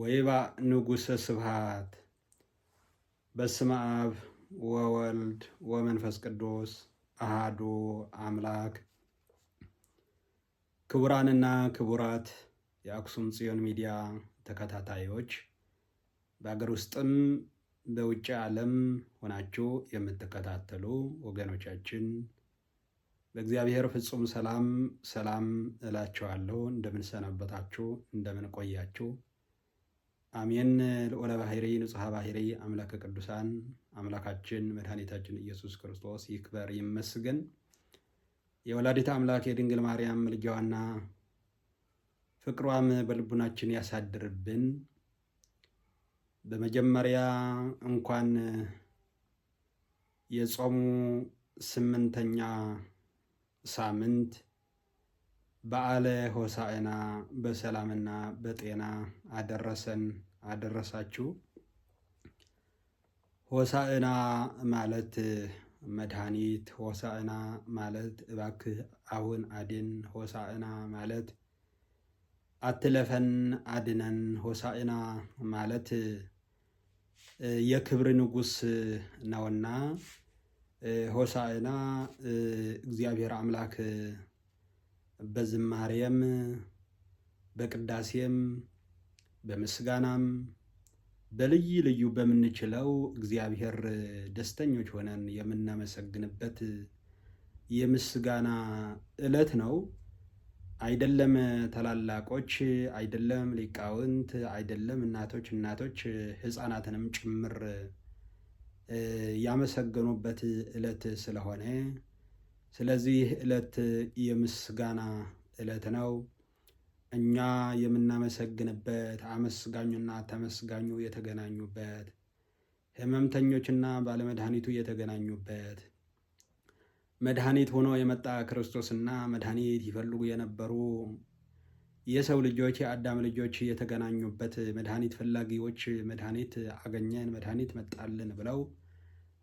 ወይባ ንጉሰ ስብሃት በስመ አብ ወወልድ ወመንፈስ ቅዱስ አሃዱ አምላክ። ክቡራንና ክቡራት የአክሱም ጽዮን ሚዲያ ተከታታዮች በአገር ውስጥም በውጭ ዓለም ሆናችሁ የምትከታተሉ ወገኖቻችን በእግዚአብሔር ፍጹም ሰላም ሰላም እላችኋለሁ። እንደምን እንደምንቆያችሁ፣ እንደምን አሜን ልዑለ ባህሬ ንጹሐ ባህሬ አምላከ ቅዱሳን አምላካችን መድኃኒታችን ኢየሱስ ክርስቶስ ይክበር ይመስገን። የወላዲት አምላክ የድንግል ማርያም ምልጃዋና ፍቅሯም በልቡናችን ያሳድርብን። በመጀመሪያ እንኳን የጾሙ ስምንተኛ ሳምንት በዓለ ሆሳዕና በሰላምና በጤና አደረሰን አደረሳችሁ። ሆሳዕና ማለት መድኃኒት፣ ሆሳዕና ማለት እባክህ አሁን አድን፣ ሆሳዕና ማለት አትለፈን አድነን፣ ሆሳዕና ማለት የክብር ንጉሥ ነውና ሆሳዕና እግዚአብሔር አምላክ በዝማሬም በቅዳሴም በምስጋናም በልዩ ልዩ በምንችለው እግዚአብሔር ደስተኞች ሆነን የምናመሰግንበት የምስጋና ዕለት ነው። አይደለም ታላላቆች፣ አይደለም ሊቃውንት፣ አይደለም እናቶች እናቶች ሕፃናትንም ጭምር ያመሰገኑበት ዕለት ስለሆነ ስለዚህ ዕለት የምስጋና ዕለት ነው። እኛ የምናመሰግንበት አመስጋኙና ተመስጋኙ የተገናኙበት ህመምተኞችና ባለመድኃኒቱ የተገናኙበት መድኃኒት ሆኖ የመጣ ክርስቶስና መድኃኒት ይፈልጉ የነበሩ የሰው ልጆች የአዳም ልጆች የተገናኙበት መድኃኒት ፈላጊዎች መድኃኒት አገኘን፣ መድኃኒት መጣልን ብለው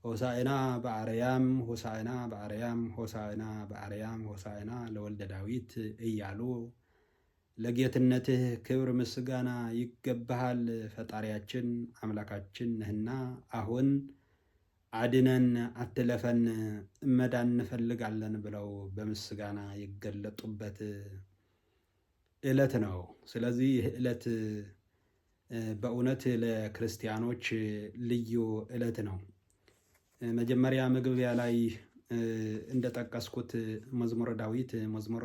ሆሳዕና በአርያም ሆሳዕና በአርያም ሆሳዕና በአርያም ሆሳዕና ለወልደ ዳዊት እያሉ ለጌትነትህ ክብር ምስጋና ይገባሃል፣ ፈጣሪያችን አምላካችን ነህና። አሁን አድነን አትለፈን፣ እመዳን እንፈልጋለን ብለው በምስጋና ይገለጡበት ዕለት ነው። ስለዚህ ይህ ዕለት በእውነት ለክርስቲያኖች ልዩ ዕለት ነው። መጀመሪያ መግቢያ ላይ እንደጠቀስኩት መዝሙረ ዳዊት መዝሙር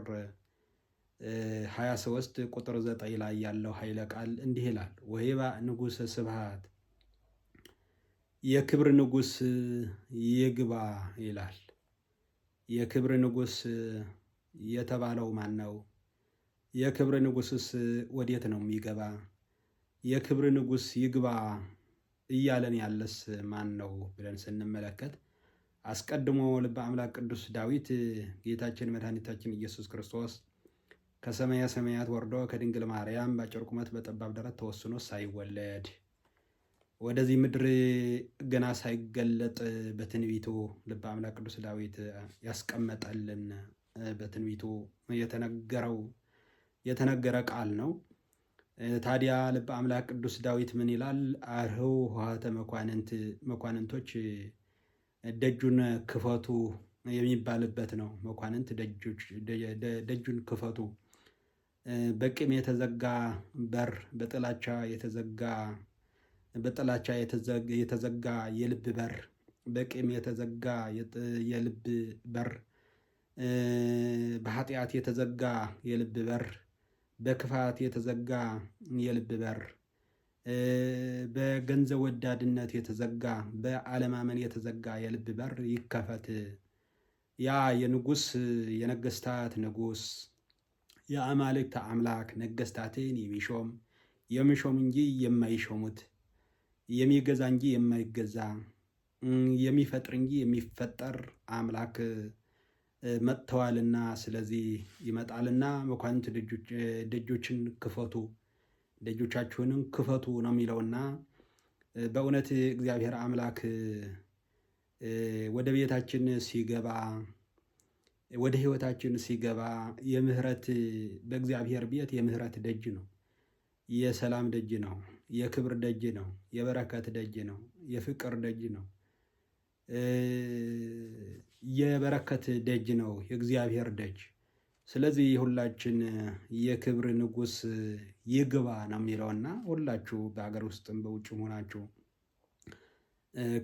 23 ቁጥር 9 ላይ ያለው ኃይለ ቃል እንዲህ ይላል፣ ወይባእ ንጉሥ ስብሃት የክብር ንጉሥ ይግባ ይላል። የክብር ንጉሥ የተባለው ማን ነው? የክብር ንጉሥስ ወዴት ነው የሚገባ? የክብር ንጉሥ ይግባ እያለን ያለስ ማን ነው ብለን ስንመለከት አስቀድሞ ልበ አምላክ ቅዱስ ዳዊት ጌታችን መድኃኒታችን ኢየሱስ ክርስቶስ ከሰማያ ሰማያት ወርዶ ከድንግል ማርያም በአጭር ቁመት በጠባብ ደረት ተወስኖ ሳይወለድ ወደዚህ ምድር ገና ሳይገለጥ በትንቢቱ ልበ አምላክ ቅዱስ ዳዊት ያስቀመጠልን በትንቢቱ የተነገረው የተነገረ ቃል ነው። ታዲያ ልበ አምላክ ቅዱስ ዳዊት ምን ይላል? አርህው ውሃተ መኳንንት መኳንንቶች ደጁን ክፈቱ የሚባልበት ነው። መኳንንት ደጁን ክፈቱ። በቂም የተዘጋ በር፣ በጥላቻ የተዘጋ በጥላቻ የተዘጋ የልብ በር፣ በቂም የተዘጋ የልብ በር፣ በኃጢአት የተዘጋ የልብ በር በክፋት የተዘጋ የልብ በር፣ በገንዘብ ወዳድነት የተዘጋ በአለማመን የተዘጋ የልብ በር ይከፈት። ያ የንጉስ የነገስታት ንጉስ የአማልክት አምላክ ነገስታትን የሚሾም የሚሾም እንጂ የማይሾሙት የሚገዛ እንጂ የማይገዛ የሚፈጥር እንጂ የሚፈጠር አምላክ መጥተዋልና ስለዚህ ይመጣልና መኳንንት ደጆችን ክፈቱ ደጆቻችሁንም ክፈቱ ነው የሚለውና በእውነት እግዚአብሔር አምላክ ወደ ቤታችን ሲገባ ወደ ህይወታችን ሲገባ የምህረት በእግዚአብሔር ቤት የምህረት ደጅ ነው፣ የሰላም ደጅ ነው፣ የክብር ደጅ ነው፣ የበረከት ደጅ ነው፣ የፍቅር ደጅ ነው። የበረከት ደጅ ነው የእግዚአብሔር ደጅ። ስለዚህ የሁላችን የክብር ንጉስ ይግባ ነው የሚለውና ሁላችሁ በሀገር ውስጥም በውጭ መሆናችሁ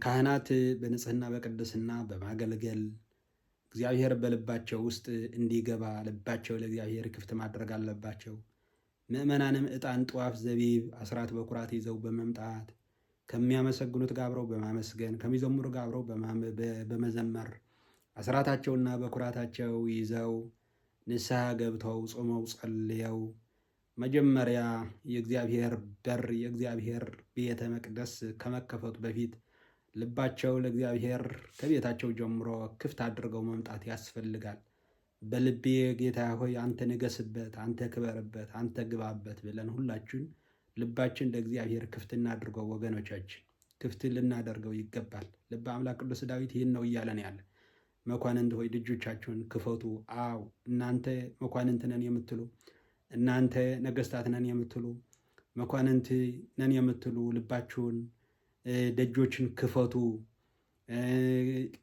ካህናት በንጽህና በቅድስና በማገልገል እግዚአብሔር በልባቸው ውስጥ እንዲገባ ልባቸው ለእግዚአብሔር ክፍት ማድረግ አለባቸው። ምእመናንም ዕጣን፣ ጧፍ፣ ዘቢብ፣ አስራት በኩራት ይዘው በመምጣት ከሚያመሰግኑት ጋር አብረው በማመስገን ከሚዘምሩ ጋር አብረው በመዘመር አስራታቸውና በኩራታቸው ይዘው ንስሐ ገብተው ጾመው ጸልየው መጀመሪያ የእግዚአብሔር በር የእግዚአብሔር ቤተ መቅደስ ከመከፈቱ በፊት ልባቸው ለእግዚአብሔር ከቤታቸው ጀምሮ ክፍት አድርገው መምጣት ያስፈልጋል። በልቤ ጌታ ሆይ አንተ ንገስበት፣ አንተ ክበርበት፣ አንተ ግባበት ብለን ሁላችን ልባችን ለእግዚአብሔር ክፍት እናድርገው። ወገኖቻችን ክፍት ልናደርገው ይገባል። ልበ አምላክ ቅዱስ ዳዊት ይህን ነው እያለን ያለ መኳንንት ሆይ ልጆቻችሁን ክፈቱ። አው እናንተ መኳንንት ነን የምትሉ እናንተ ነገስታት ነን የምትሉ መኳንንት ነን የምትሉ ልባችሁን ደጆችን ክፈቱ።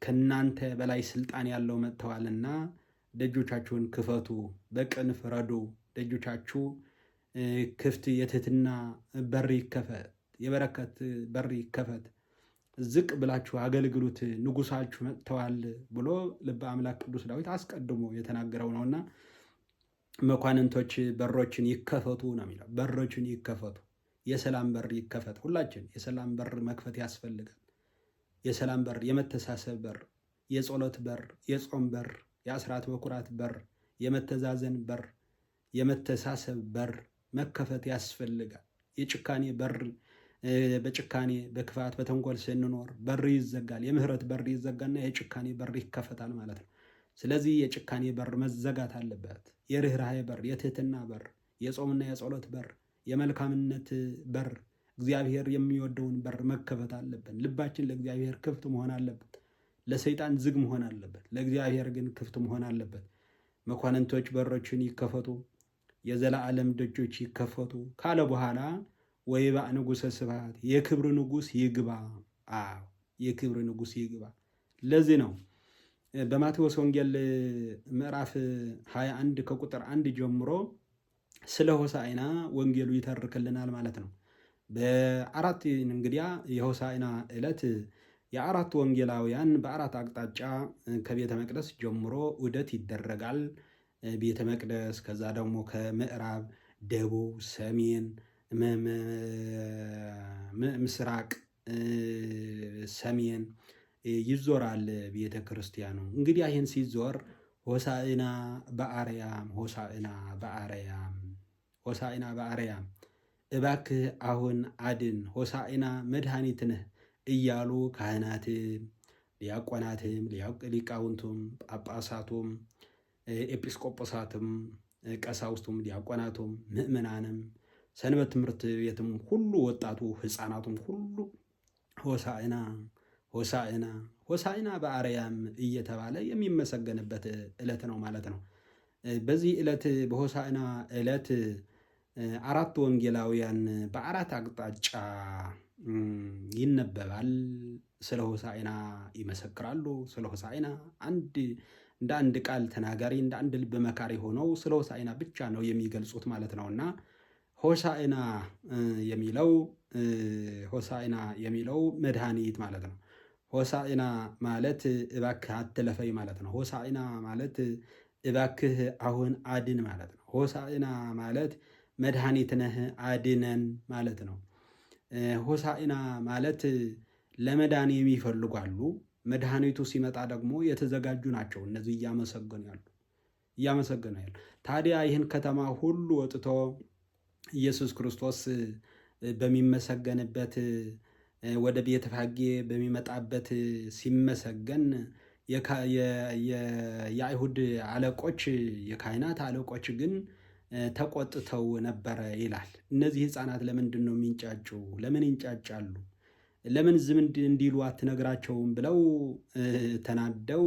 ከእናንተ በላይ ስልጣን ያለው መጥተዋልና ደጆቻችሁን ክፈቱ። በቅን ፍረዱ። ደጆቻችሁ ክፍት የትህትና በር ይከፈት፣ የበረከት በር ይከፈት። ዝቅ ብላችሁ አገልግሉት ንጉሳችሁ መጥተዋል ብሎ ልበ አምላክ ቅዱስ ዳዊት አስቀድሞ የተናገረው ነውና መኳንንቶች በሮችን ይከፈቱ ነው የሚለው። በሮችን ይከፈቱ፣ የሰላም በር ይከፈት። ሁላችን የሰላም በር መክፈት ያስፈልጋል። የሰላም በር፣ የመተሳሰብ በር፣ የጸሎት በር፣ የጾም በር፣ የአስራት በኩራት በር፣ የመተዛዘን በር፣ የመተሳሰብ በር መከፈት ያስፈልጋል። የጭካኔ በር በጭካኔ በክፋት በተንኮል ስንኖር በር ይዘጋል። የምህረት በር ይዘጋና የጭካኔ በር ይከፈታል ማለት ነው። ስለዚህ የጭካኔ በር መዘጋት አለበት። የርኅራሄ በር፣ የትህትና በር፣ የጾምና የጸሎት በር፣ የመልካምነት በር፣ እግዚአብሔር የሚወደውን በር መከፈት አለበት። ልባችን ለእግዚአብሔር ክፍት መሆን አለበት። ለሰይጣን ዝግ መሆን አለበት። ለእግዚአብሔር ግን ክፍት መሆን አለበት። መኳንንቶች በሮችን ይከፈቱ፣ የዘላለም ደጆች ይከፈቱ ካለ በኋላ ወይባ ንጉሰ ስብሐት የክብር ንጉስ ይግባ። አዎ የክብር ንጉስ ይግባ። ለዚህ ነው በማቴዎስ ወንጌል ምዕራፍ 21 ከቁጥር አንድ ጀምሮ ስለ ሆሳዕና ወንጌሉ ይተርክልናል ማለት ነው። በአራት እንግዲያ የሆሳዕና ዕለት የአራት ወንጌላውያን በአራት አቅጣጫ ከቤተ መቅደስ ጀምሮ ውደት ይደረጋል። ቤተ መቅደስ ከዛ ደግሞ ከምዕራብ፣ ደቡብ፣ ሰሜን ምስራቅ፣ ሰሜን ይዞራል ቤተ ክርስቲያኑ። እንግዲህ ይህን ሲዞር ሆሳዕና በአርያም ሆሳዕና በአርያም ሆሳዕና በአርያም እባክህ አሁን አድን ሆሳዕና መድኃኒት ነህ እያሉ ካህናትም ሊያቆናትም ሊቃውንቱም ጳጳሳቱም ኤጲስቆጶሳትም ቀሳውስቱም ዲያቆናቱም ምእመናንም ሰንበት ትምህርት ቤትም ሁሉ ወጣቱ ህፃናቱም ሁሉ ሆሳዕና ሆሳዕና ሆሳዕና በአርያም እየተባለ የሚመሰገንበት ዕለት ነው ማለት ነው። በዚህ ዕለት በሆሳዕና ዕለት አራት ወንጌላውያን በአራት አቅጣጫ ይነበባል። ስለ ሆሳዕና ይመሰክራሉ። ስለ ሆሳዕና አንድ እንደ አንድ ቃል ተናጋሪ እንደ አንድ ልብ መካሪ ሆነው ስለ ሆሳዕና ብቻ ነው የሚገልጹት ማለት ነውና ሆሳዕና የሚለው ሆሳዕና የሚለው መድኃኒት ማለት ነው። ሆሳዕና ማለት እባክህ አትለፈይ ማለት ነው። ሆሳዕና ማለት እባክህ አሁን አድን ማለት ነው። ሆሳዕና ማለት መድኃኒት ነህ አድነን ማለት ነው። ሆሳዕና ማለት ለመዳን የሚፈልጉ አሉ። መድኃኒቱ ሲመጣ ደግሞ የተዘጋጁ ናቸው። እነዚህ እያመሰገኑ ያሉ እያመሰገኑ ያሉ ታዲያ ይህን ከተማ ሁሉ ወጥቶ ኢየሱስ ክርስቶስ በሚመሰገንበት ወደ ቤተ ፋጌ በሚመጣበት ሲመሰገን የአይሁድ አለቆች የካህናት አለቆች ግን ተቆጥተው ነበረ ይላል። እነዚህ ህፃናት ለምንድን ነው የሚንጫጩ? ለምን ይንጫጫሉ? ለምን ዝም እንዲሉ አትነግራቸውም? ብለው ተናደው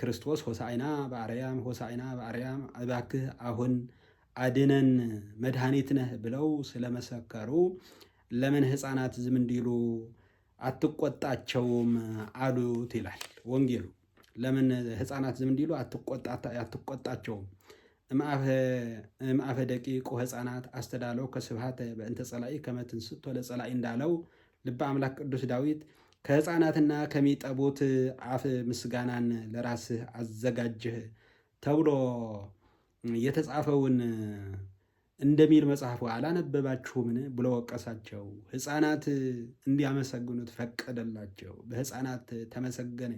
ክርስቶስ ሆሳዕና በአርያም ሆሳዕና በአርያም እባክህ አሁን አድነን መድኃኒት ነህ ብለው ስለመሰከሩ ለምን ሕፃናት ዝም እንዲሉ አትቆጣቸውም አሉት ይላል ወንጌሉ። ለምን ሕፃናት ዝም እንዲሉ አትቆጣቸውም? እምአፈ ደቂቁ ሕፃናት አስተዳለው ከስብሃተ በእንተ ጸላኢ ስቶ ለጸላኢ እንዳለው ልበ አምላክ ቅዱስ ዳዊት ከሕፃናትና ከሚጠቡት አፍ ምስጋናን ለራስህ አዘጋጅህ ተብሎ የተጻፈውን እንደሚል መጽሐፉ አላነበባችሁምን ብሎ ወቀሳቸው። ሕፃናት እንዲያመሰግኑት ፈቀደላቸው። በሕፃናት ተመሰገነ።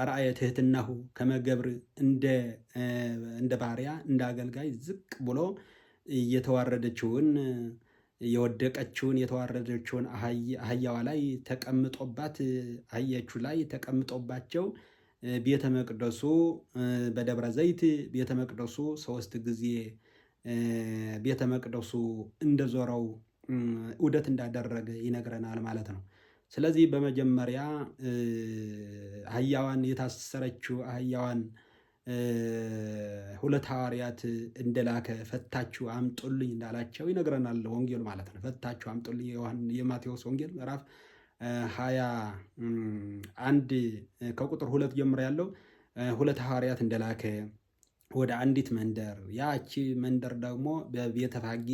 አርአየ ትህትናሁ ከመገብር እንደ ባሪያ እንደ አገልጋይ ዝቅ ብሎ እየተዋረደችውን የወደቀችውን የተዋረደችውን አህያዋ ላይ ተቀምጦባት አህያቹ ላይ ተቀምጦባቸው ቤተ መቅደሱ በደብረ ዘይት ቤተ መቅደሱ ሶስት ጊዜ ቤተ መቅደሱ እንደዞረው ዑደት እንዳደረገ ይነግረናል ማለት ነው። ስለዚህ በመጀመሪያ አህያዋን የታሰረችው አህያዋን ሁለት ሐዋርያት እንደላከ ፈታችሁ አምጡልኝ እንዳላቸው ይነግረናል ወንጌል ማለት ነው። ፈታችሁ አምጡልኝ የማቴዎስ ወንጌል ምዕራፍ ሀያ አንድ ከቁጥር ሁለት ጀምሮ ያለው ሁለት ሐዋርያት እንደላከ ወደ አንዲት መንደር ያቺ መንደር ደግሞ በቤተፋጌ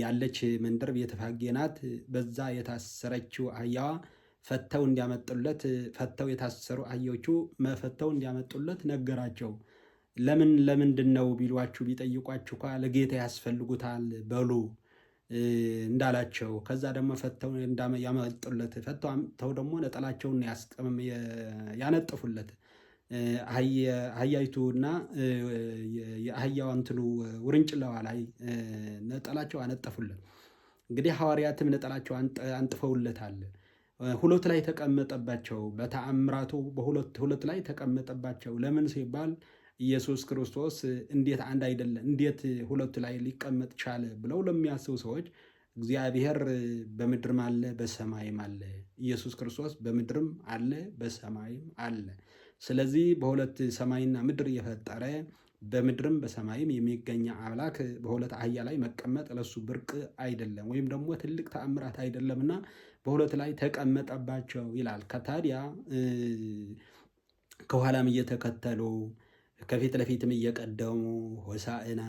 ያለች መንደር ቤተፋጌ ናት። በዛ የታሰረችው አህያዋ ፈተው እንዲያመጡለት ፈተው የታሰሩ አህዮቹ መፈተው እንዲያመጡለት ነገራቸው። ለምን ለምንድን ነው ቢሏችሁ ቢጠይቋችሁ እንኳ ለጌታ ያስፈልጉታል በሉ እንዳላቸው ከዛ ደግሞ ፈተው ያመጡለት ፈተው ደግሞ ነጠላቸውን ያነጠፉለት አህያይቱና የአህያዋ እንትኑ ውርንጭላዋ ላይ ነጠላቸው አነጠፉለት። እንግዲህ ሐዋርያትም ነጠላቸው አንጥፈውለታል። ሁለት ላይ ተቀመጠባቸው። በተአምራቱ በሁለት ሁለት ላይ ተቀመጠባቸው። ለምን ሲባል ኢየሱስ ክርስቶስ እንዴት አንድ አይደለም፣ እንዴት ሁለቱ ላይ ሊቀመጥ ቻለ ብለው ለሚያስቡ ሰዎች እግዚአብሔር በምድርም አለ በሰማይም አለ። ኢየሱስ ክርስቶስ በምድርም አለ በሰማይም አለ። ስለዚህ በሁለት ሰማይና ምድር የፈጠረ በምድርም በሰማይም የሚገኝ አምላክ በሁለት አህያ ላይ መቀመጥ ለሱ ብርቅ አይደለም፣ ወይም ደግሞ ትልቅ ተአምራት አይደለምና በሁለት ላይ ተቀመጠባቸው ይላል። ከታዲያ ከኋላም እየተከተሉ ከፊት ለፊትም እየቀደሙ ሆሳዕና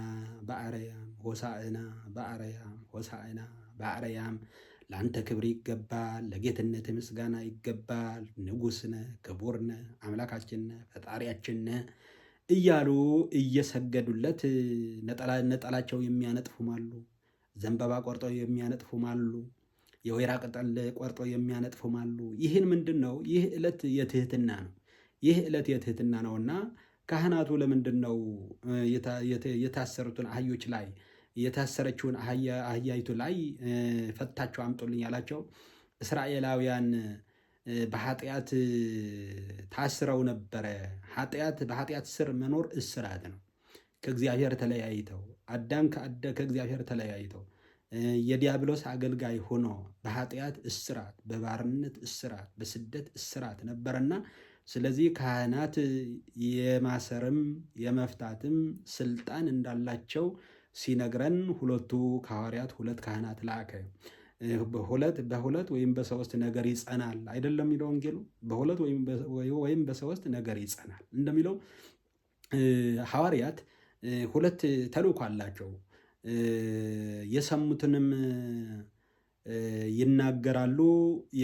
በአርያም ሆሳዕና በአርያም ሆሳዕና በአርያም ለአንተ ክብር ይገባል፣ ለጌትነት ምስጋና ይገባል፣ ንጉስ ነ፣ ክቡር ነህ፣ አምላካችን ፈጣሪያችን እያሉ እየሰገዱለት ነጠላቸው የሚያነጥፉም አሉ። ዘንባባ ቆርጠው የሚያነጥፉም አሉ። የወይራ ቅጠል ቆርጠው የሚያነጥፉም አሉ። ይህን ምንድን ነው? ይህ ዕለት የትህትና ነው። ይህ ዕለት የትህትና ነውና ካህናቱ ለምንድን ነው የታሰሩትን አህዮች ላይ የታሰረችውን አህያይቱ ላይ ፈታችሁ አምጡልኝ ያላቸው? እስራኤላውያን በኃጢአት ታስረው ነበረ። ኃጢአት በኃጢአት ስር መኖር እስራት ነው። ከእግዚአብሔር ተለያይተው አዳም ከእግዚአብሔር ተለያይተው የዲያብሎስ አገልጋይ ሆኖ በኃጢአት እስራት፣ በባርነት እስራት፣ በስደት እስራት ነበረና ስለዚህ ካህናት የማሰርም የመፍታትም ስልጣን እንዳላቸው ሲነግረን ሁለቱ ከሐዋርያት ሁለት ካህናት ላከ። በሁለት በሁለት ወይም በሰውስት ነገር ይጸናል አይደለም የሚለው ወንጌሉ። በሁለት ወይም በሰውስት ነገር ይጸናል እንደሚለው ሐዋርያት ሁለት ተልእኮ አላቸው። የሰሙትንም ይናገራሉ፣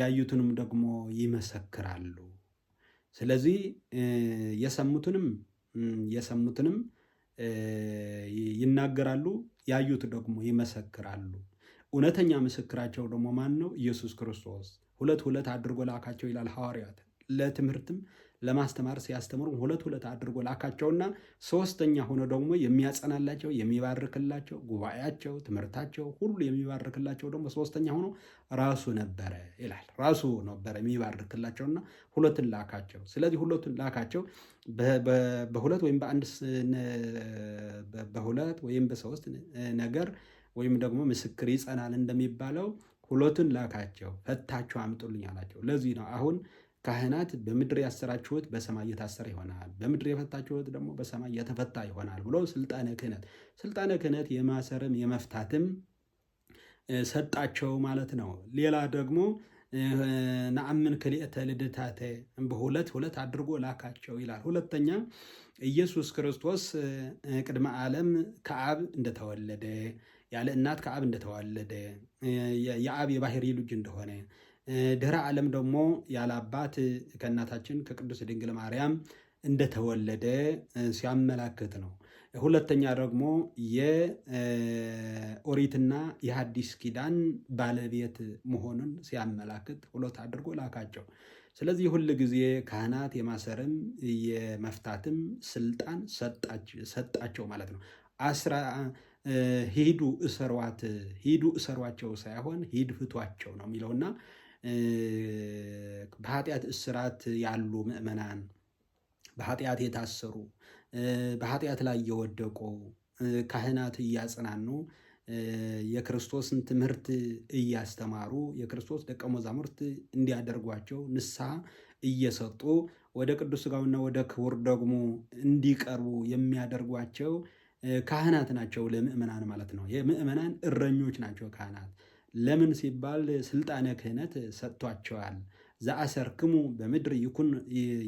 ያዩትንም ደግሞ ይመሰክራሉ። ስለዚህ የሰሙትንም የሰሙትንም ይናገራሉ፣ ያዩት ደግሞ ይመሰክራሉ። እውነተኛ ምስክራቸው ደግሞ ማን ነው? ኢየሱስ ክርስቶስ። ሁለት ሁለት አድርጎ ላካቸው ይላል ሐዋርያት ለትምህርትም ለማስተማር ሲያስተምሩ ሁለት ሁለት አድርጎ ላካቸውና ሶስተኛ ሆኖ ደግሞ የሚያጸናላቸው የሚባርክላቸው ጉባኤያቸው፣ ትምህርታቸው ሁሉ የሚባርክላቸው ደግሞ ሶስተኛ ሆኖ ራሱ ነበረ ይላል። ራሱ ነበረ የሚባርክላቸውና ሁለትን ላካቸው። ስለዚህ ሁለቱን ላካቸው በሁለት ወይም በአንድ በሁለት ወይም በሶስት ነገር ወይም ደግሞ ምስክር ይጸናል እንደሚባለው ሁለቱን ላካቸው፣ ፈታቸው አምጡልኝ አላቸው። ለዚህ ነው አሁን ካህናት በምድር ያሰራችሁት በሰማይ የታሰረ ይሆናል፣ በምድር የፈታችሁት ደግሞ በሰማይ የተፈታ ይሆናል ብሎ ስልጣነ ክህነት ስልጣነ ክህነት የማሰርም የመፍታትም ሰጣቸው ማለት ነው። ሌላ ደግሞ ነአምን ክልኤተ ልድታተ በሁለት ሁለት አድርጎ ላካቸው ይላል። ሁለተኛ ኢየሱስ ክርስቶስ ቅድመ ዓለም ከአብ እንደተወለደ ያለ እናት ከአብ እንደተወለደ የአብ የባሕርይ ልጅ እንደሆነ ደረ ዓለም ደግሞ ያለ አባት ከእናታችን ከቅዱስ ድንግል ማርያም እንደተወለደ ሲያመላክት ነው። ሁለተኛ ደግሞ የኦሪትና የሐዲስ ኪዳን ባለቤት መሆኑን ሲያመላክት ሁለት አድርጎ ላካቸው። ስለዚህ ሁል ጊዜ ካህናት የማሰርም የመፍታትም ስልጣን ሰጣቸው ማለት ነው። አስራ ሂዱ እሰሯት፣ ሂዱ እሰሯቸው ሳይሆን ሂድ ፍቷቸው ነው የሚለውና በኃጢአት እስራት ያሉ ምዕመናን፣ በኃጢአት የታሰሩ፣ በኃጢአት ላይ የወደቁ ካህናት እያጽናኑ የክርስቶስን ትምህርት እያስተማሩ የክርስቶስ ደቀ መዛሙርት እንዲያደርጓቸው ንስሐ እየሰጡ ወደ ቅዱስ ሥጋውና ወደ ክቡር ደግሞ እንዲቀርቡ የሚያደርጓቸው ካህናት ናቸው። ለምእመናን ማለት ነው። የምእመናን እረኞች ናቸው ካህናት። ለምን ሲባል ስልጣነ ክህነት ሰጥቷቸዋል። ዘአሰርክሙ በምድር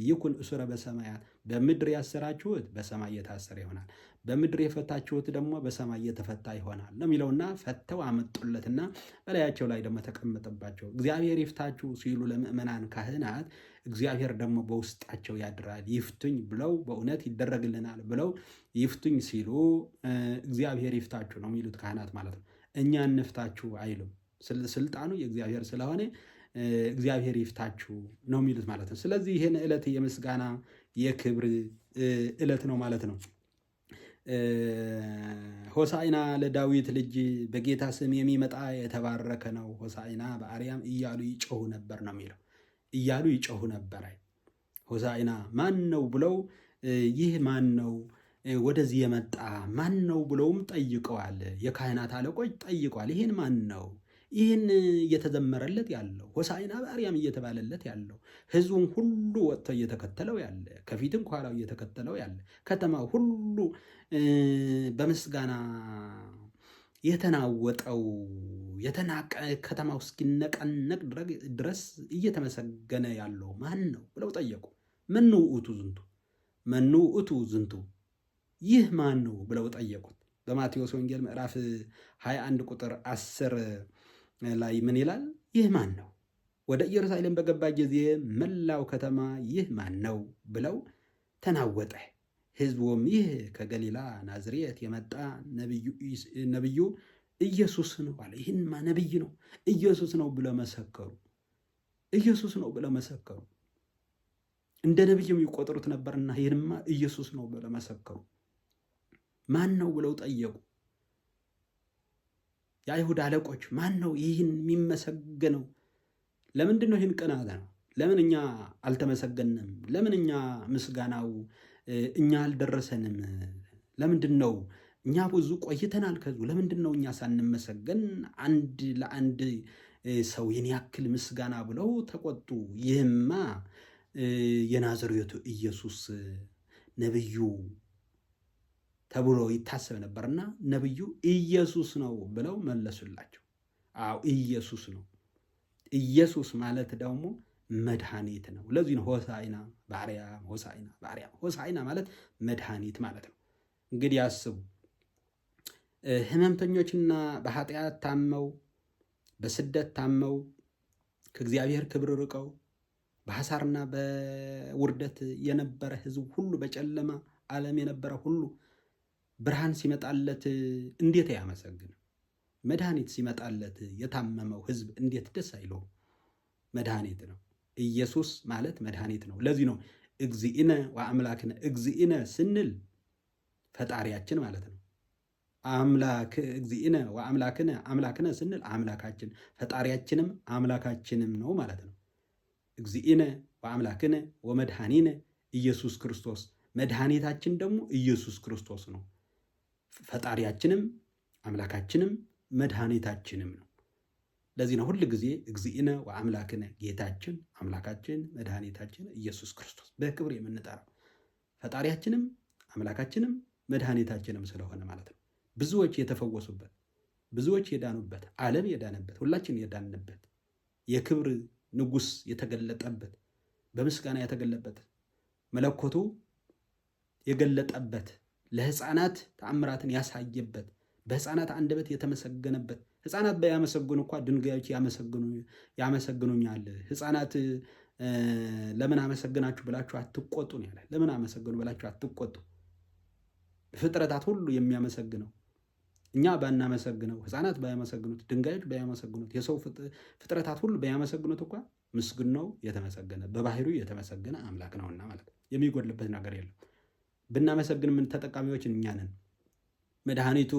ይኩን እሱረ በሰማያት በምድር ያሰራችሁት በሰማይ የታሰረ ይሆናል፣ በምድር የፈታችሁት ደግሞ በሰማይ የተፈታ ይሆናል ለሚለውና ፈተው አመጡለትና በላያቸው ላይ ደግሞ ተቀመጠባቸው። እግዚአብሔር ይፍታችሁ ሲሉ ለምእመናን ካህናት እግዚአብሔር ደግሞ በውስጣቸው ያድራል። ይፍቱኝ ብለው በእውነት ይደረግልናል ብለው ይፍቱኝ ሲሉ እግዚአብሔር ይፍታችሁ ነው የሚሉት ካህናት ማለት ነው። እኛ እንፍታችሁ አይሉም። ስልጣኑ የእግዚአብሔር ስለሆነ እግዚአብሔር ይፍታችሁ ነው የሚሉት ማለት ነው። ስለዚህ ይህን ዕለት የምስጋና የክብር ዕለት ነው ማለት ነው። ሆሳይና ለዳዊት ልጅ በጌታ ስም የሚመጣ የተባረከ ነው፣ ሆሳይና በአርያም እያሉ ይጮሁ ነበር ነው የሚለው። እያሉ ይጮሁ ነበር ሆሳይና ማን ነው ብለው ይህ ማን ነው ወደዚህ የመጣ ማን ነው ብለውም ጠይቀዋል። የካህናት አለቆች ጠይቀዋል። ይህን ማን ነው ይህን እየተዘመረለት ያለው ሆሳዕና በአርያም እየተባለለት ያለው ህዝቡም ሁሉ ወጥተው እየተከተለው ያለ ከፊትም ከኋላው እየተከተለው ያለ ከተማ ሁሉ በምስጋና የተናወጠው የተናቀ ከተማው እስኪነቀነቅ ድረስ እየተመሰገነ ያለው ማን ነው ብለው ጠየቁ። መኑ ውእቱ ዝንቱ መኑ ውእቱ ዝንቱ ይህ ማን ነው ብለው ጠየቁት። በማቴዎስ ወንጌል ምዕራፍ 21 ቁጥር 10 ላይ ምን ይላል? ይህ ማን ነው? ወደ ኢየሩሳሌም በገባ ጊዜ መላው ከተማ ይህ ማን ነው ብለው ተናወጠ። ሕዝቡም ይህ ከገሊላ ናዝሬት የመጣ ነቢዩ ኢየሱስ ነው አለ። ይህን ነቢይ ነው ኢየሱስ ነው ብለው መሰከሩ። ኢየሱስ ነው ብለው መሰከሩ። እንደ ነቢይም ይቆጥሩት ነበርና ይህንማ ኢየሱስ ነው ብለው መሰከሩ። ማን ነው ብለው ጠየቁ። የአይሁድ አለቆች ማን ነው ይህን የሚመሰገነው? ለምንድን ነው ይህን ቅናት ነው? ለምን እኛ አልተመሰገንም? ለምን እኛ ምስጋናው እኛ አልደረሰንም? ለምንድን ነው እኛ ብዙ ቆይተናል ከዚሁ ለምንድን ነው እኛ ሳንመሰገን አንድ ለአንድ ሰው ይህን ያክል ምስጋና ብለው ተቆጡ። ይህማ የናዝሬቱ ኢየሱስ ነቢዩ ተብሎ ይታሰብ ነበርና ነቢዩ ኢየሱስ ነው ብለው መለሱላቸው። አዎ ኢየሱስ ነው። ኢየሱስ ማለት ደግሞ መድኃኒት ነው። ለዚህ ነው ሆሳይና በአርያም ሆሳይና በአርያም ሆሳይና ማለት መድኃኒት ማለት ነው። እንግዲህ አስቡ ህመምተኞችና በኃጢአት ታመው በስደት ታመው ከእግዚአብሔር ክብር ርቀው በሐሳርና በውርደት የነበረ ህዝብ ሁሉ በጨለማ ዓለም የነበረ ሁሉ ብርሃን ሲመጣለት እንዴት አያመሰግንም? መድኃኒት ሲመጣለት የታመመው ህዝብ እንዴት ደስ አይለው? መድኃኒት ነው ኢየሱስ ማለት መድኃኒት ነው። ለዚህ ነው እግዚእነ ወአምላክነ እግዚእነ ስንል ፈጣሪያችን ማለት ነው። አምላክ እግዚእነ ወአምላክነ አምላክነ ስንል አምላካችን ፈጣሪያችንም አምላካችንም ነው ማለት ነው። እግዚእነ ወአምላክነ ወመድኃኒነ ኢየሱስ ክርስቶስ መድኃኒታችን ደግሞ ኢየሱስ ክርስቶስ ነው። ፈጣሪያችንም አምላካችንም መድኃኒታችንም ነው። ለዚህ ነው ሁል ጊዜ እግዚእነ ወአምላክነ ጌታችን አምላካችን መድኃኒታችን ኢየሱስ ክርስቶስ በክብር የምንጠራው ፈጣሪያችንም አምላካችንም መድኃኒታችንም ስለሆነ ማለት ነው። ብዙዎች የተፈወሱበት ብዙዎች የዳኑበት ዓለም የዳነበት ሁላችን የዳንበት የክብር ንጉሥ የተገለጠበት በምስጋና የተገለጠበት መለኮቱ የገለጠበት ለህፃናት ተአምራትን ያሳየበት በህፃናት አንደበት የተመሰገነበት ህፃናት ባያመሰግኑ እኳ ድንጋዮች ያመሰግኑኛል። ህፃናት ለምን አመሰግናችሁ ብላችሁ አትቆጡ ነው ያለ። ለምን አመሰግኑ ብላችሁ አትቆጡ። ፍጥረታት ሁሉ የሚያመሰግነው እኛ ባናመሰግነው፣ ህፃናት ባያመሰግኑት፣ ድንጋዮች ባያመሰግኑት፣ የሰው ፍጥረታት ሁሉ ባያመሰግኑት እኳ ምስግናው የተመሰገነ በባህሪው የተመሰገነ አምላክ ነውና ማለት ነው። የሚጎድልበት ነገር የለም። ብናመሰግን ምን ተጠቃሚዎች እኛ ነን። መድኃኒቱ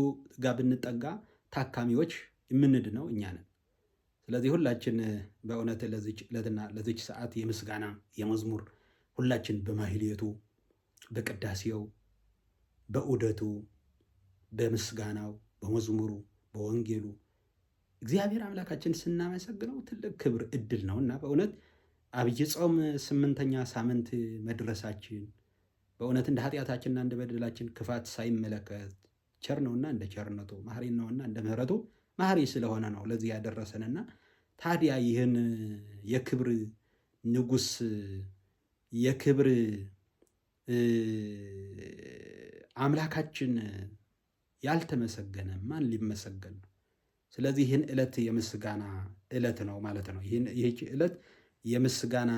ጋር ብንጠጋ ታካሚዎች የምንድነው እኛ ነን። ስለዚህ ሁላችን በእውነት ለዚች ዕለትና ለዚች ሰዓት የምስጋና የመዝሙር ሁላችን በማህሌቱ በቅዳሴው በዑደቱ በምስጋናው በመዝሙሩ በወንጌሉ እግዚአብሔር አምላካችን ስናመሰግነው ትልቅ ክብር እድል እና በእውነት አብይ ጾም ስምንተኛ ሳምንት መድረሳችን በእውነት እንደ ኃጢአታችንና እንደ በደላችን ክፋት ሳይመለከት ቸር ነውና እንደ ቸርነቱ፣ ማህሪ ነውና እንደ ምሕረቱ ማህሪ ስለሆነ ነው ለዚህ ያደረሰንና ታዲያ ይህን የክብር ንጉስ የክብር አምላካችን ያልተመሰገነ ማን ሊመሰገን ነው? ስለዚህ ይህን ዕለት የምስጋና ዕለት ነው ማለት ነው። ይህች ዕለት የምስጋና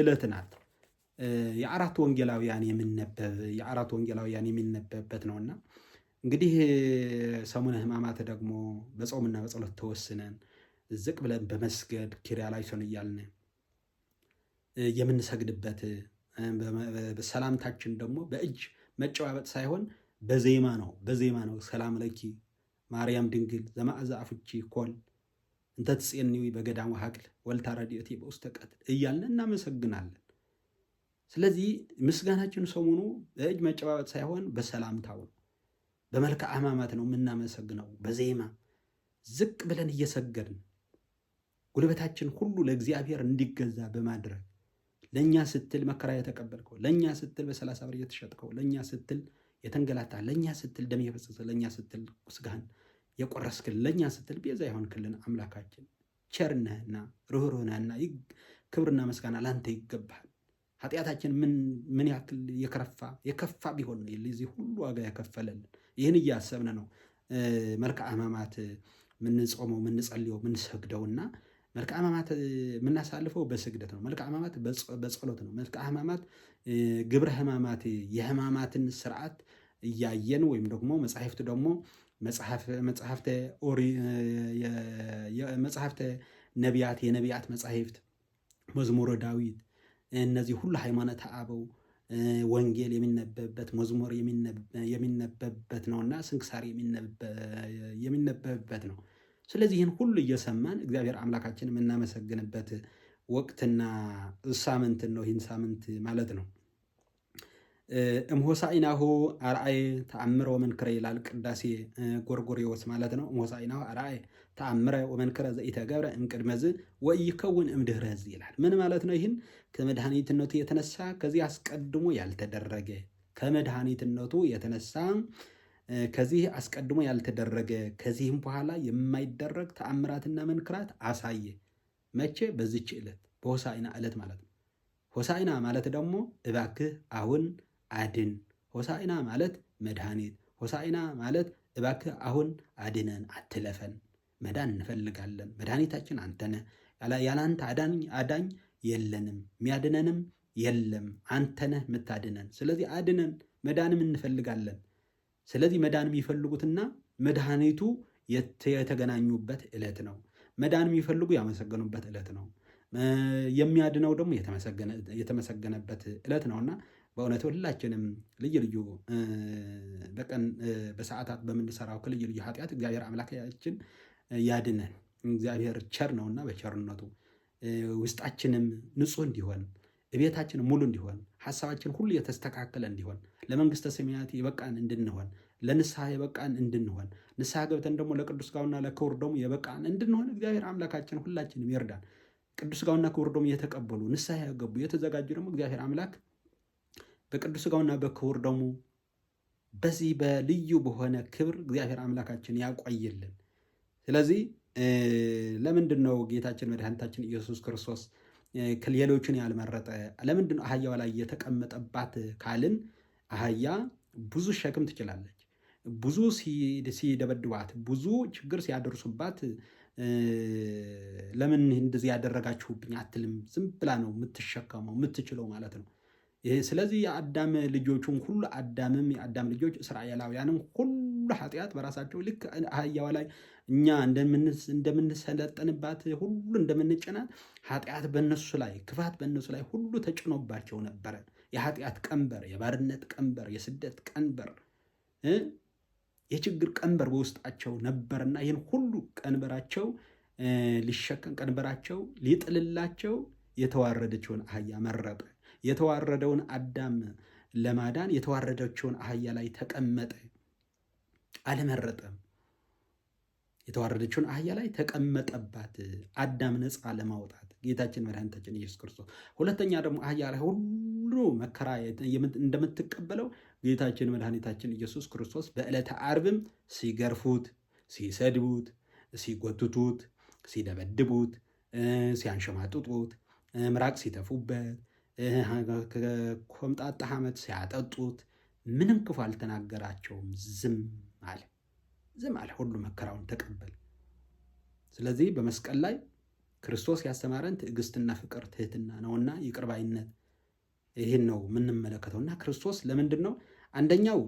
ዕለት ናት። የአራት ወንጌላውያን የሚነበብ የአራት ወንጌላውያን የሚነበብበት ነውና እንግዲህ ሰሙነ ሕማማት ደግሞ በጾምና በጸሎት ተወስነን ዝቅ ብለን በመስገድ ኪርያላይሶን እያልን የምንሰግድበት ሰላምታችን ደግሞ በእጅ መጨባበጥ ሳይሆን በዜማ ነው። በዜማ ነው። ሰላም ለኪ ማርያም ድንግል ዘማእዛ አፍቺ ኮል እንተ በገዳሙ ሀቅል ወልታ ረድኤቲ በውስተ ቀትል እያልን እናመሰግናለን። ስለዚህ ምስጋናችን ሰሞኑ በእጅ መጨባበጥ ሳይሆን በሰላምታው በመልክዓ አማማት ነው የምናመሰግነው። በዜማ ዝቅ ብለን እየሰገድን ጉልበታችን ሁሉ ለእግዚአብሔር እንዲገዛ በማድረግ ለእኛ ስትል መከራ የተቀበልከው፣ ለእኛ ስትል በሰላሳ ብር የተሸጥከው፣ ለእኛ ስትል የተንገላታ፣ ለእኛ ስትል ደም የፈሰሰ፣ ለእኛ ስትል ስጋህን የቆረስክልን፣ ለእኛ ስትል ቤዛ የሆንክልን አምላካችን ቸርነህና ርኅሩህነህና ክብርና ምስጋና ላንተ ይገባል። ኃጢአታችን ምን ያክል የከረፋ የከፋ ቢሆን ለዚህ ሁሉ ዋጋ ያከፈለልን። ይህን እያሰብን ነው መልክአ ሕማማት ምንጾመው ምንጸልየው ምንሰግደውና መልክአ ሕማማት የምናሳልፈው በስግደት ነው። መልክአ ሕማማት በጸሎት ነው። መልክአ ሕማማት ግብረ ሕማማት የሕማማትን ስርዓት እያየን ወይም ደግሞ መጽሐፍቱ ደግሞ መጽሐፍተ ነቢያት የነቢያት መጽሐፍት መዝሙረ ዳዊት እነዚህ ሁሉ ሃይማኖተ አበው ወንጌል የሚነበብበት መዝሙር የሚነበብበት ነውና ስንክሳር የሚነበብበት ነው። ስለዚህ ይህን ሁሉ እየሰማን እግዚአብሔር አምላካችን የምናመሰግንበት ወቅትና ሳምንት ነው። ይህን ሳምንት ማለት ነው። እምሆሳኢናሁ አርአይ ተአምሮ መንክረ ይላል ቅዳሴ ጎርጎርዮስ ማለት ነው። እምሆሳኢናሁ አርአይ ተአምረ ወመንክረ ዘኢተገብረ እምቅድመዝ ወይከውን እምድህረዝ ይላል። ምን ማለት ነው? ይህን ከመድኃኒትነቱ የተነሳ ከዚህ አስቀድሞ ያልተደረገ ከመድኃኒትነቱ የተነሳ ከዚህ አስቀድሞ ያልተደረገ ከዚህም በኋላ የማይደረግ ተአምራትና መንክራት አሳየ። መቼ? በዚች ዕለት በሆሳዕና ዕለት ማለት ነው። ሆሳዕና ማለት ደግሞ እባክህ አሁን አድን። ሆሳዕና ማለት መድኃኒት። ሆሳዕና ማለት እባክህ አሁን አድነን፣ አትለፈን መዳን እንፈልጋለን። መድኃኒታችን አንተነ ያለ አንተ አዳኝ የለንም፣ የሚያድነንም የለም። አንተነ የምታድነን። ስለዚህ አድነን፣ መዳንም እንፈልጋለን። ስለዚህ መዳን የሚፈልጉትና መድኃኒቱ የተገናኙበት ዕለት ነው። መዳን የሚፈልጉ ያመሰገኑበት ዕለት ነው። የሚያድነው ደግሞ የተመሰገነበት ዕለት ነውና በእውነት ሁላችንም ልዩ ልዩ በቀን በሰዓታት በምንሰራው ከልዩ ልዩ ኃጢአት እግዚአብሔር አምላካችን ያድነን። እግዚአብሔር ቸር ነውና በቸርነቱ ውስጣችንም ንጹህ እንዲሆን እቤታችን ሙሉ እንዲሆን ሀሳባችን ሁሉ የተስተካከለ እንዲሆን ለመንግስተ ሰማያት የበቃን እንድንሆን ለንስሐ የበቃን እንድንሆን ንስሐ ገብተን ደግሞ ለቅዱስ ጋውና ለክቡር ደሙ የበቃን እንድንሆን እግዚአብሔር አምላካችን ሁላችንም ይርዳን። ቅዱስ ጋውና ክቡር ደሙ የተቀበሉ ንስሐ ያገቡ የተዘጋጁ ደግሞ እግዚአብሔር አምላክ በቅዱስ ጋውና በክቡር ደሞ በዚህ በልዩ በሆነ ክብር እግዚአብሔር አምላካችን ያቆይልን። ስለዚህ ለምንድን ነው ጌታችን መድኃኒታችን ኢየሱስ ክርስቶስ ሌሎችን ያልመረጠ? ለምንድን ነው አህያዋ ላይ የተቀመጠባት ካልን አህያ ብዙ ሸክም ትችላለች። ብዙ ሲደበድባት፣ ብዙ ችግር ሲያደርሱባት ለምን እንደዚህ ያደረጋችሁብኝ አትልም። ዝም ብላ ነው የምትሸከመው የምትችለው ማለት ነው። ስለዚህ የአዳም ልጆቹን ሁሉ አዳምም የአዳም ልጆች እስራኤላውያንም ሁሉ ኃጢአት በራሳቸው ልክ አህያዋ ላይ እኛ እንደምንሰለጠንባት ሁሉ እንደምንጭናት ኃጢአት በነሱ ላይ ክፋት በነሱ ላይ ሁሉ ተጭኖባቸው ነበረ። የኃጢአት ቀንበር፣ የባርነት ቀንበር፣ የስደት ቀንበር፣ የችግር ቀንበር በውስጣቸው ነበርና ይህን ሁሉ ቀንበራቸው ሊሸከም ቀንበራቸው ሊጥልላቸው የተዋረደችውን አህያ መረጠ። የተዋረደውን አዳም ለማዳን የተዋረደችውን አህያ ላይ ተቀመጠ። አልመረጠም። የተዋረደችውን አህያ ላይ ተቀመጠባት፣ አዳም ነፃ ለማውጣት ጌታችን መድኃኒታችን ኢየሱስ ክርስቶስ። ሁለተኛ ደግሞ አህያ ላይ ሁሉ መከራ እንደምትቀበለው ጌታችን መድኃኒታችን ኢየሱስ ክርስቶስ በዕለተ ዓርብም ሲገርፉት፣ ሲሰድቡት፣ ሲጎትቱት፣ ሲደበድቡት፣ ሲያንሸማጥጡት፣ ምራቅ ሲተፉበት ኮምጣጣ አመት ሲያጠጡት ምንም ክፉ አልተናገራቸውም። ዝም አለ፣ ዝም አለ፣ ሁሉ መከራውን ተቀበለ። ስለዚህ በመስቀል ላይ ክርስቶስ ያስተማረን ትዕግስትና ፍቅር ትህትና ነውና ይቅርባይነት ይህን ነው የምንመለከተው። እና ክርስቶስ ለምንድን ነው አንደኛው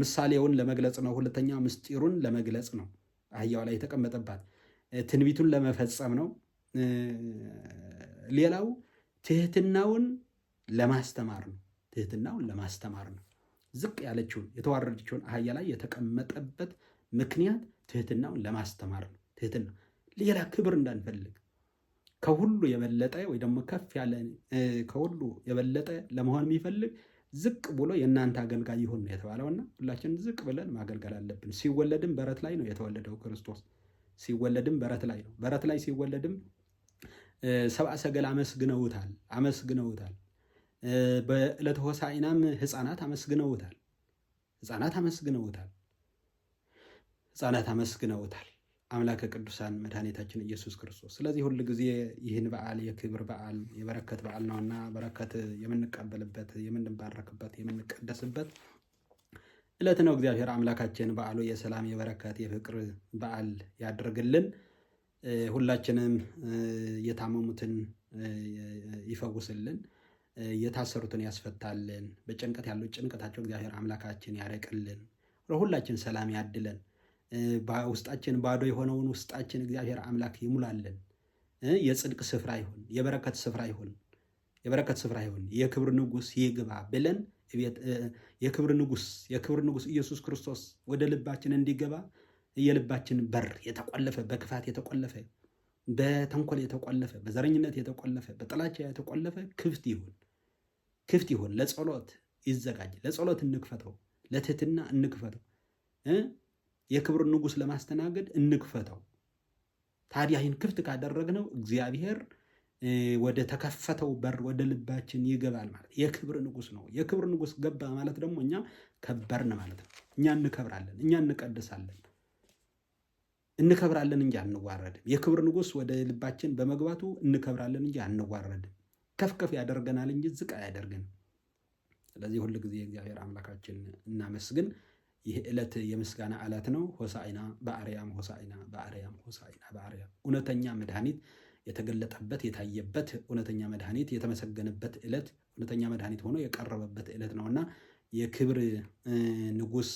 ምሳሌውን ለመግለጽ ነው። ሁለተኛው ምስጢሩን ለመግለጽ ነው። አህያው ላይ የተቀመጠባት ትንቢቱን ለመፈጸም ነው። ሌላው ትህትናውን ለማስተማር ነው። ትህትናውን ለማስተማር ነው። ዝቅ ያለችውን የተዋረደችውን አህያ ላይ የተቀመጠበት ምክንያት ትህትናውን ለማስተማር ነው። ትህትና ሌላ ክብር እንዳንፈልግ ከሁሉ የበለጠ ወይ ደግሞ ከፍ ያለ ከሁሉ የበለጠ ለመሆን የሚፈልግ ዝቅ ብሎ የእናንተ አገልጋይ ይሁን ነው የተባለውና ሁላችን ዝቅ ብለን ማገልገል አለብን። ሲወለድም በረት ላይ ነው የተወለደው ክርስቶስ። ሲወለድም በረት ላይ ነው። በረት ላይ ሲወለድም ሰብአ ሰገል አመስግነውታል አመስግነውታል። በዕለተ ሆሳዕናም ህፃናት አመስግነውታል ህፃናት አመስግነውታል ህፃናት አመስግነውታል አምላከ ቅዱሳን መድኃኒታችን ኢየሱስ ክርስቶስ። ስለዚህ ሁል ጊዜ ይህን በዓል የክብር በዓል የበረከት በዓል ነውና በረከት የምንቀበልበት የምንባረክበት የምንቀደስበት ዕለት ነው። እግዚአብሔር አምላካችን በዓሉ የሰላም የበረከት የፍቅር በዓል ያደርግልን። ሁላችንም የታመሙትን ይፈውስልን፣ የታሰሩትን ያስፈታልን፣ በጭንቀት ያለው ጭንቀታቸው እግዚአብሔር አምላካችን ያረቅልን፣ ለሁላችን ሰላም ያድለን፣ ውስጣችን ባዶ የሆነውን ውስጣችን እግዚአብሔር አምላክ ይሙላልን። የጽድቅ ስፍራ ይሁን፣ የበረከት ስፍራ ይሁን፣ የበረከት ስፍራ ይሁን፣ የክብር ንጉስ ይግባ ብለን የክብር ንጉስ የክብር ንጉስ ኢየሱስ ክርስቶስ ወደ ልባችን እንዲገባ የልባችን በር የተቆለፈ በክፋት የተቆለፈ በተንኮል የተቆለፈ በዘረኝነት የተቆለፈ በጥላቻ የተቆለፈ ክፍት ይሁን ክፍት ይሁን። ለጸሎት ይዘጋጅ። ለጸሎት እንክፈተው፣ ለትህትና እንክፈተው፣ የክብር ንጉሥ ለማስተናገድ እንክፈተው። ታዲያ ይህን ክፍት ካደረግነው እግዚአብሔር ወደ ተከፈተው በር ወደ ልባችን ይገባል ማለት የክብር ንጉሥ ነው። የክብር ንጉሥ ገባ ማለት ደግሞ እኛ ከበርን ማለት ነው። እኛ እንከብራለን፣ እኛ እንቀድሳለን። እንከብራለን እንጂ አንዋረድም። የክብር ንጉሥ ወደ ልባችን በመግባቱ እንከብራለን እንጂ አንዋረድም። ከፍ ከፍ ያደርገናል እንጂ ዝቅ አያደርግን። ስለዚህ ሁል ጊዜ እግዚአብሔር አምላካችን እናመስግን። ይህ ዕለት የምስጋና ዕለት ነው። ሆሳዕና በአርያም ሆሳዕና በአርያም ሆሳዕና በአርያም እውነተኛ መድኃኒት የተገለጠበት የታየበት እውነተኛ መድኃኒት የተመሰገነበት ዕለት እውነተኛ መድኃኒት ሆኖ የቀረበበት ዕለት ነውና የክብር ንጉሥ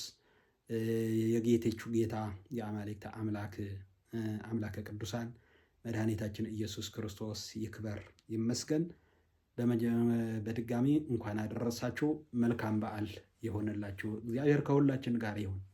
የጌቴቹ ጌታ የአማልክት አምላክ አምላከ ቅዱሳን መድኃኒታችን ኢየሱስ ክርስቶስ ይክበር ይመስገን። በድጋሚ እንኳን አደረሳችሁ። መልካም በዓል የሆነላችሁ። እግዚአብሔር ከሁላችን ጋር ይሁን።